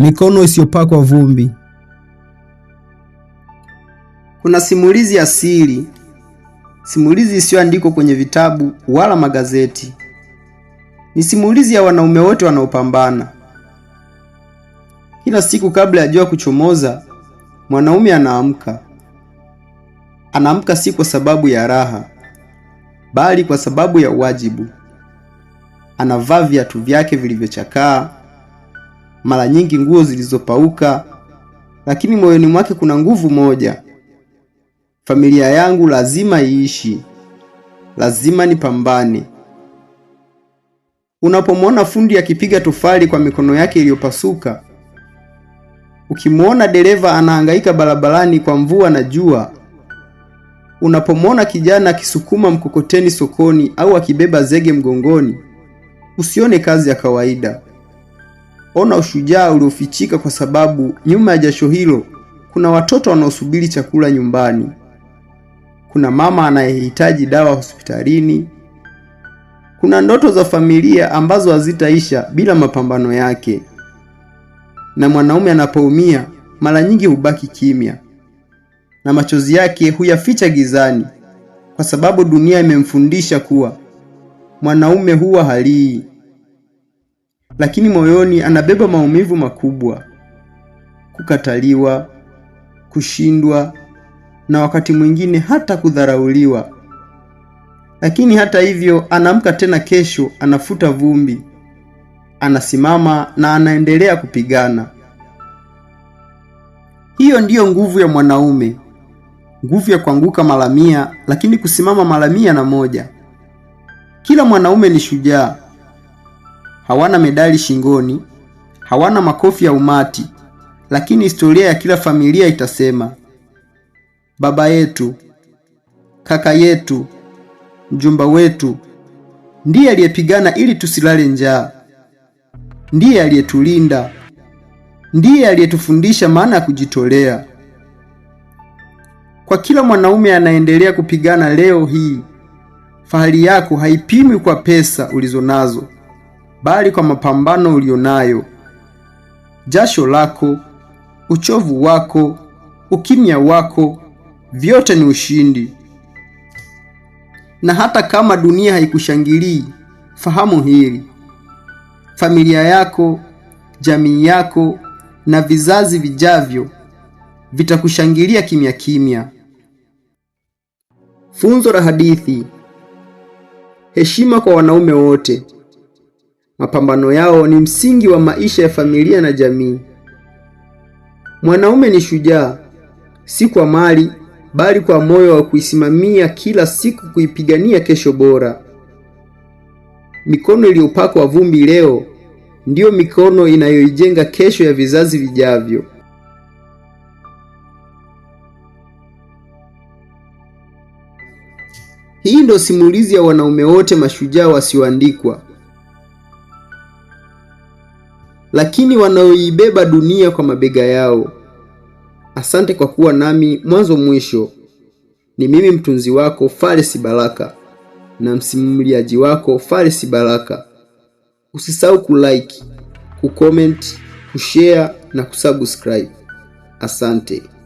mikono isiyopakwa vumbi. Kuna simulizi asili, simulizi isiyoandikwa kwenye vitabu wala magazeti. Ni simulizi ya wanaume wote wanaopambana kila siku. Kabla ya jua kuchomoza, mwanaume anaamka. Anaamka si kwa sababu ya raha, bali kwa sababu ya uwajibu. Anavaa viatu vyake vilivyochakaa mara nyingi nguo zilizopauka, lakini moyoni mwake kuna nguvu moja: familia yangu lazima iishi, lazima nipambane. Unapomwona fundi akipiga tofali kwa mikono yake iliyopasuka, ukimwona dereva anahangaika barabarani kwa mvua na jua, unapomwona kijana akisukuma mkokoteni sokoni au akibeba zege mgongoni, usione kazi ya kawaida, Ona ushujaa uliofichika, kwa sababu nyuma ya jasho hilo kuna watoto wanaosubiri chakula nyumbani, kuna mama anayehitaji dawa hospitalini, kuna ndoto za familia ambazo hazitaisha bila mapambano yake. Na mwanaume anapoumia, mara nyingi hubaki kimya na machozi yake huyaficha gizani, kwa sababu dunia imemfundisha kuwa mwanaume huwa halii lakini moyoni anabeba maumivu makubwa: kukataliwa, kushindwa na wakati mwingine hata kudharauliwa. Lakini hata hivyo, anaamka tena kesho, anafuta vumbi, anasimama na anaendelea kupigana. Hiyo ndiyo nguvu ya mwanaume, nguvu ya kuanguka mara mia, lakini kusimama mara mia na moja. Kila mwanaume ni shujaa, hawana medali shingoni, hawana makofi ya umati, lakini historia ya kila familia itasema baba yetu, kaka yetu, mjomba wetu ndiye aliyepigana ili tusilale njaa, ndiye aliyetulinda, ndiye aliyetufundisha maana ya kujitolea. Kwa kila mwanaume anaendelea kupigana leo hii, fahari yako haipimwi kwa pesa ulizonazo bali kwa mapambano ulionayo. Jasho lako, uchovu wako, ukimya wako, vyote ni ushindi. Na hata kama dunia haikushangilii, fahamu hili: familia yako, jamii yako na vizazi vijavyo vitakushangilia kimya kimya. Funzo la hadithi: heshima kwa wanaume wote. Mapambano yao ni msingi wa maisha ya familia na jamii. Mwanaume ni shujaa, si kwa mali bali kwa moyo wa kuisimamia kila siku, kuipigania kesho bora. Mikono iliyopakwa vumbi leo ndiyo mikono inayoijenga kesho ya vizazi vijavyo. Hii ndio simulizi ya wanaume wote mashujaa wasioandikwa lakini wanaoibeba dunia kwa mabega yao. Asante kwa kuwa nami mwanzo mwisho. Ni mimi mtunzi wako Faresi Baraka na msimuliaji wako Faresi Baraka. Usisahau kulike, kucomment, kushare na kusubscribe. Asante.